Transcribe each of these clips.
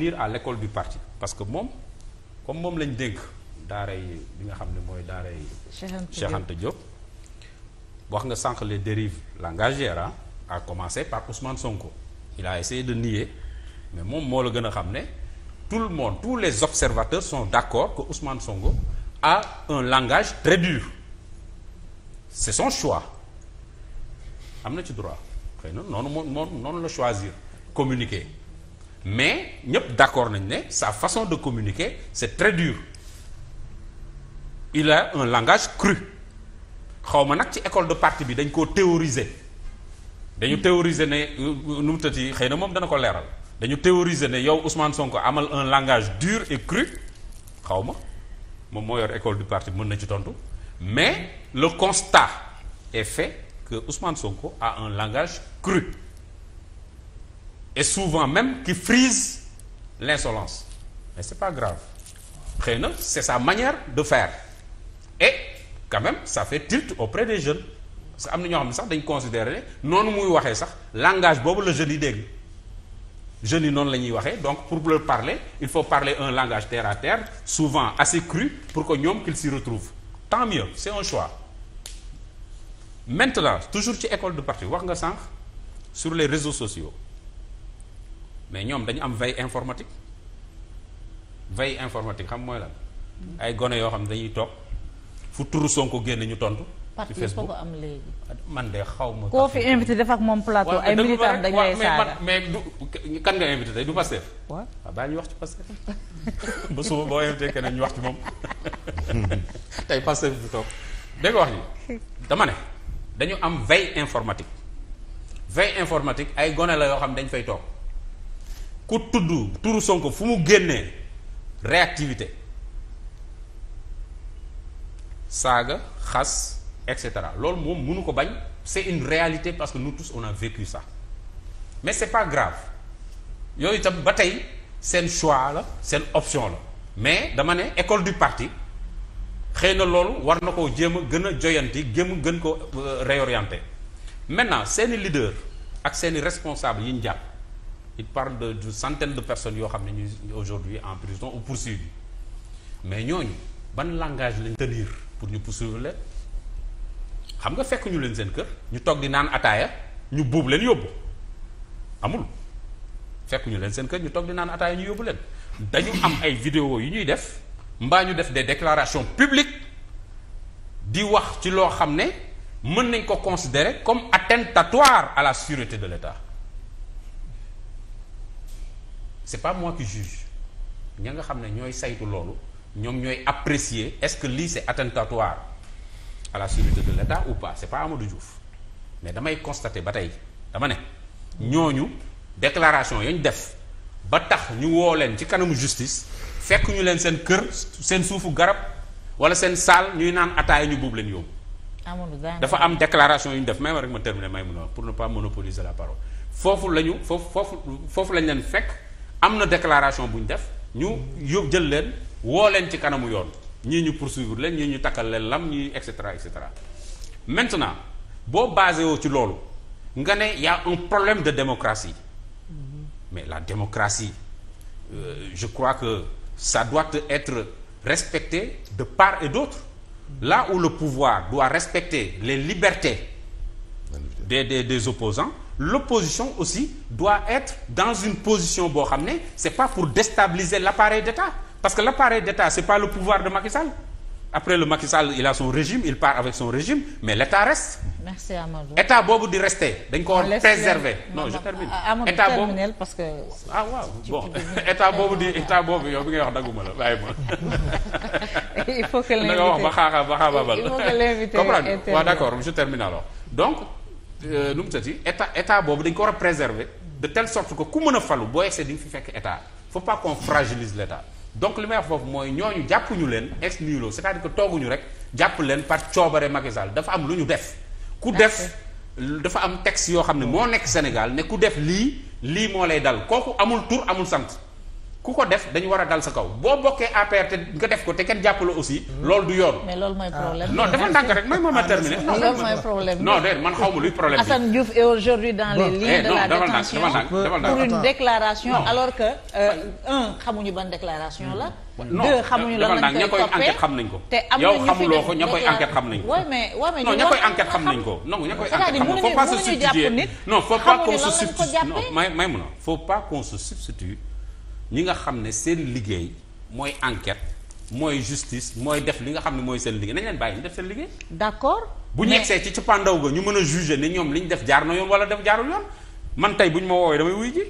tenir à l'école du parti parce que moom comme moom lañ dénk daaray bi nga xam ne mooy daaray Cheikh Anta Diop wax nga sànq les dérives langagières a commencer par Ousmane Sonko il a essayé de nier mais moom moo la gën a xam ne tout le monde tous les observateurs sont d'accord que Ousmane songo a un langage très dur c'est son choix am na ci droit xëy na noonu moo noonu la choisir communiquer mais ñëpp d'accord nañ ne sa façon de communiquer c'est très dur il a un langage cru xawma nag ci école de parti bi dañ koo théoriser dañu théoriser ne euh, nu mu tëddi xëy na moom dana ko leeral dañu théoriser ne yow Ousmane Sonko amal un langage dure et cru xaw ma moom moo yor école du parti mën na ci tontu mais le constat est fait que Ousmane Sonko a un langage cru et souvent même qui frise l'insolence mais c'est pas grave xëy na c'est sa manière de faire et quand même ça fait tilt auprès des jeunes parce que am na ñoo xam ne sax dañ considérer noonu muy waxee sax langage boobu la jeunes yi dégg jeunes yi noonu la ñuy waxee donc pour leur parler il faut parler un langage terre à terre souvent assez cru pour que ñoom qu'ils s'y retrouvent tant mieux c'est un choix maintenant toujours ci école de parti wax nga sànq sur le réseaux sociaux mais ñoom dañu am veille informatique veille informatique xam mooy lan ay gone yoo xam ne dañuy toog fu turu Sonko génn ñu tontu. ci Facebook ko am léegi. Ah, man de xaw ma. koo fi invité moom ay militant dañ lay saaga mais du kan nga invité tey du Pastef. waaw ah, baa ñu wax ci Pastef ba suba boo invité keneen ñu wax ci moom tey Pastef bi toog dégg wax ni dama ne dañu am veille informatique veille informatique ay gone la yoo xam dañ fay toog. ku tudd turu Sonko fu mu génnee réactivité saaga xas et cetera loolu moom munu ko bañ c'est une réalité parce que nous tous on a vécu sax mais c'est pas grave yooyu tam ba tey seen choix la seen option la mais dama ne école du parti xëy na loolu war na koo jéem a gën a joyanti gëm gën ko euh, réorienter maintenant seeni leader ak seeni responsable yi ñu jàpp il parle de d'une centaine de personnes yoo xam ne ñu aujourd'hui en prison ou poursuivi mais ñooñu ban langage lañ tenir pour ñu poursuivre leen xam nga fekk ñu leen seen kër ñu toog di naan ataaya ñu buub leen yóbbu amul fekk ñu leen seen kër ñu toog di naan ataaya ñu yóbbu leen dañu am ay vidéo yu ñuy def mbaa ñu def de déclaration publique di wax ci loo xam ne mën nañ ko considérer comme attentatoire à la sûreté de l'État c'est pas moi qui juge ña nga xam ne ñooy saytu loolu ñoom ñooy apprécier est-ce que lii c'est attentatoire à la sûreté de l'État ou pas c'est pas Amadou Diouf mais damay constater ba tey dama ne ñooñu déclaration yañ def ba tax ñu woo leen ci kanamu justice fekk ñu leen seen kër seen suufu garab wala seen saal ñuy naan ataaya ñu buub leen yóbbu dafa am déclaration yu ñu def may ma rek ma terminer may mun a pour ne pas monopoliser la parole foofu la ñu foofu foofu lañ leen fekk am na déclaration bu ñu def ñu yób jël leen woo leen ci kanamu yoon ñii ñu poursuivre leen ñii ñu takkal leen lam ñii et cetera et cetera maintenant boo basé woo ci loolu nga ne y a un problème de démocratie mm-hmm. mais la démocratie euh, je crois que ça doit être respecté de part et d'autre mm-hmm. là où le pouvoir doit respecter les libertés des des des opposants l'opposition aussi doit être dans une position boo xam ne c'est pas pour déstabiliser l'appareil d'État parce que l'appareil d'État c'est pas le pouvoir de Macky Sall après le Macky Sall il a son régime il part avec son régime mais l'État reste. merci Amadou État boobu di rester dañ ko war préserver. non je termine ah, État boobu parce que. ah waaw bon État boobu di État boobu yow bi ngay wax dagguma la bàyyi ma. il faut que l'invité da nga wax ba xaaxa ba je termine Euh, nu mu tëddi état état boobu dañ ko war a préserver de telle sorte ku mën a falu boo excès di nga fi fekk état faut pas qu'on fragilise l'état donc li may wax foofu mooy ñooñu jàppuñu leen ex nihilo c'est-à-dire que tooguñu rek jàpp leen par coobare Macky Sall dafa am lu ñu def ku def dafa am text yoo xam ne moo nekk Sénégal ne ku def lii lii moo lay dal kooku amul tur amul sant ku ko def dañu war a dal sa kaw boo bokkee APR te nga def ko te kenn jàppale aussi. Hmm. loolu du yoon. mais loolu mooy problème ah. non dafa ndànk rek may moom a ah, terminé. loolu mooy problème bi non déedéet man xaw ma luy problème bi. Assane Diouf est aujourd'hui dans les lignes eh, de la détention pour une déclaration alors que euh, un xamuñu ban déclaration la. deux xamuñu lan lañ koy toppee xam nañ ko. te am na ñu fi yow xamuloo ko ña koy enquête xam nañ ko. waaw mais waaw mais non ña koy enquête xam nañ ko. non ña koy enquête xam nañ ko faut pas se substituer non faut pas qu'on se substitue non may may mun a faut pas qu'on se substitue ñi nga xam ne seen liggéey mooy enquête mooy justice mooy def li nga xam ne mooy seen liggéey nañ leen bàyyi ñu def seen liggéey. d'accord bu ñu yegsee ci cappaandaw ga ñu mën a juger ne ñoom li ñu def jaar na yoon wala def jaarul yoon man tey bu ñu ma woowee damay wuy ji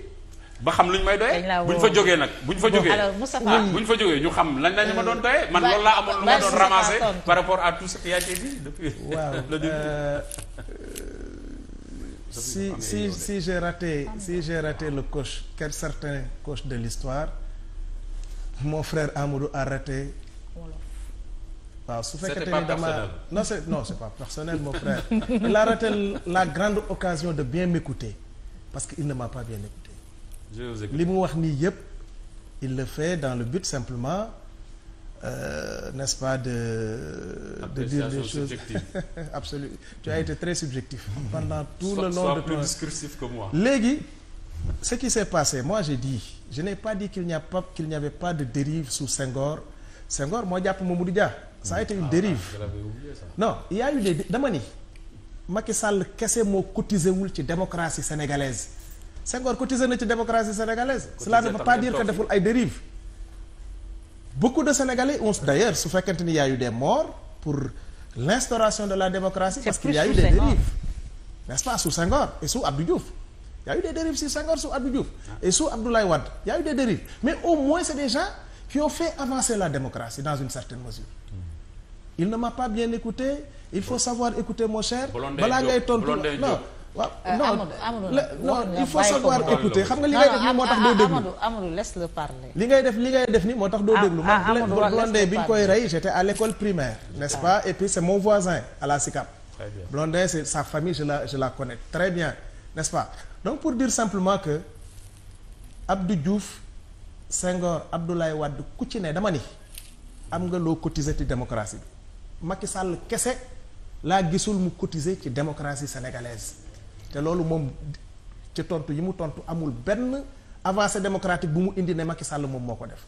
ba xam lu ñu may doyee bu ñu fa jógee nag bu ñu fa jógee bu ñu fa jógee ñu xam lañ lañ ma doon doyee man loolu laa amoon lu ma doon ramasser par rapport à tout ce qui a été depuis si si si j'ai raté si j'ai raté le coche quel certain coche de l'histoire mon frère Amadou a raté waaw su fekkee ni dama non c'est non c'est pas personnel mon frère il a raté la grande occasion de bien m'écouter parce que il ne m'a pas bien écouté li mu wax nii yépp il le fait dans le but simplement Euh, n'est-ce pas de de dire des choses absolument tu très subjectif pendant tout le long de plus ton... léegi ce qui s'est passé moi j'ai dit je n'ai pas dit qu'il a pas qu'il de dérive sous Senghor Senghor moo jàpp ma Dia ça a été une ah, dérive non il y a eu des dama ni Macky Sall kese moo cotisé wul ci démocratie sénégalaise Senghor cotiser na ci démocratie sénégalaise cela ne veut pas dire que deful ay dérive beaucoup de Sénégalais ont d'ailleurs su fekkente ni y a eu des morts pour l'instauration de la démocratie parce qu'il y a eu des dérives n'est-ce pas sous Senghor et sous Abdou Diouf y a eu des dérives sous Senghor ah. et sous Abdoulaye Wade y a eu mais au moins c'est des gens qui ont fait avancer la démocratie dans une certaine mesure hmm. il ne m'a pas bien écouté il faut savoir écouter mon cher balaa ngay tontu non waaw euh, non Amadou Amadou il faut savoir écouter xam nga li ngay def ni moo tax doo déglu Amadou Amadou laisse le li ngay def li ngay def nii moo tax doo ah, déglu man ah, Blondin bi ñu koy rey j'étais à l'école primaire n'est-ce ah. pas et puis c'est mon voisin à la SICAP Blondin c'est sa famille je la je la connais très bien n'est-ce pas donc pour dire simplement que Abdou Diouf Senghor Abdoulaye Wade ku ci ne dama ni am nga loo cotiser ci démocratie bi Macky Sall kese laa gisul mu cotiser ci démocratie sénégalaise te loolu moom ci tontu yi mu tontu amul benn avancée démocratique bu mu indi ne Macky sàll moom moo ko def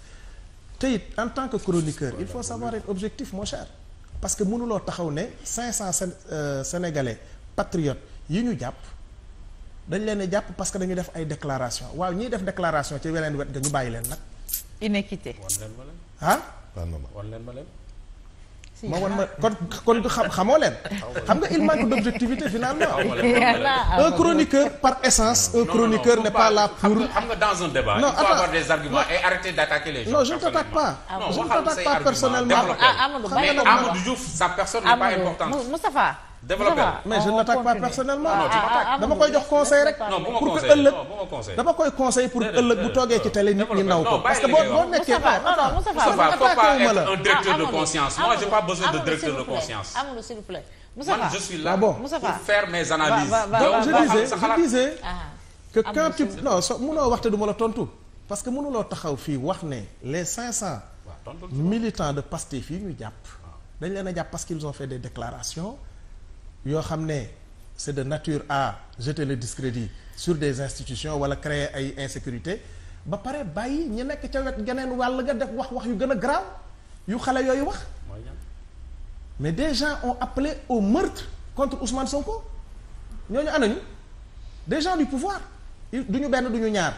te en tant que chroniqueur il faut savoir être objectif mon cher parce que mënuloo taxaw ne 500 euh, sénégalais patriotes yi ñu jàpp dañ leen jàpp parce que dañu def ay déclaration waaw ñiy def déclaration ci weneen wet ga ñu bàyyi leen nag. inéquité. ah. wan leen ma leen. ma wan ma kon kon xam xamoo leen. xam nga il manque d'objectivité finalement. Ah, un chroniqueur par essence. un chroniqueur n'est pas là pour. xam nga dans un débat. non il faut avoir des arguments je ne t'attaque pas. je ne t'attaque pas personnellement. Ah, Amadou Amadou Diouf sa personne pas importante. développer mais je n'attaque pas personnellement. Ah, ah, ah, dama koy jox conseil rek. pour que ëllëg dama koy conseil pour ëllëg bu toogee ci télé nit ñi naw ko. parce que boo boo nekkee non Moustapha faut pas être un directeur de conscience. moi j'ai pas besoin de directeur de conscience. Amadou s'il vous plaît Moustapha man je suis là pour faire mes analyses. donc je disais je disais que quand tu non so mënoo waxte du ma la tontu parce que mënuloo taxaw fii wax ne les 500 militants de Pastef yi ñu jàpp dañ leen a jàpp parce qu'ils ont fait des déclarations yoo xam ne c'est de nature à jeter le discrédit sur des institutions wala créer ay insécurité ba pare bàyyi ñu nekk ca wet geneen wàll nga def wax wax yu gën a grave yu xale yooyu wax mais des gens ont appelé au meurtre contre Ousmane ko ñooñu anañu des gens du pouvoir du ñu benn du ñu ñaar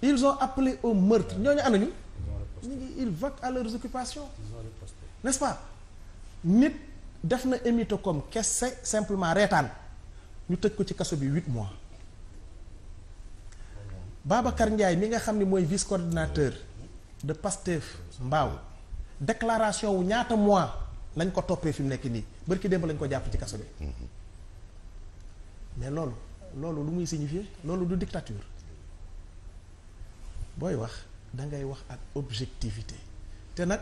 ils ont appelé au meurtre ñooñu anañu ñu ngi ils vaquent à leurs occupations n'est-ce pas nit def na émité comme kese simplement reetaan ñu tëj ko ci kaso bi huit mois Babacar Ndiaye mi nga xam ni mooy vice coordinateur de Pastef Mbao déclaration wu ñaata mois lañ ko toppee fi mu nekk nii bërki démb lañ ko jàpp ci kaso bi mais loolu loolu lu muy signifier loolu du dictature booy wax da ngay wax ak objectivité te nag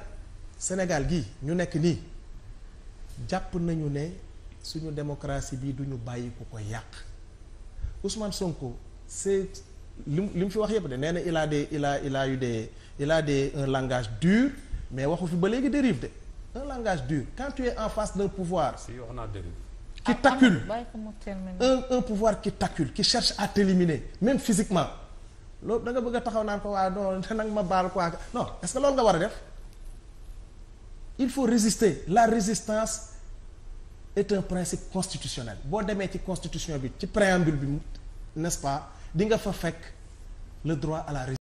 Sénégal gi ñu nekk nii jàpp nañu ne suñu démocratie bi duñu bàyyi ku ko yàq Ousmane Sonko c'est li mu li mu fi wax yëpp de nee na il a des il a il a des il a un langage dur mais waxu fi ba léegi dérive de un langage dur quand tu es en face d'un pouvoir. si wax naa dérive. qui ah, t'accule un un pouvoir qui t'accule qui cherche à t'éliminer même physiquement loolu danga nga bëgg taxaw naan ko waaye non nag ma baal quoi non est-ce que loolu nga war a def. il faut résister la résistance est un principe constitutionnel boo demee ci constitution bi ci préambule bi n'est-ce pas di nga fa fekk le droit à la résistance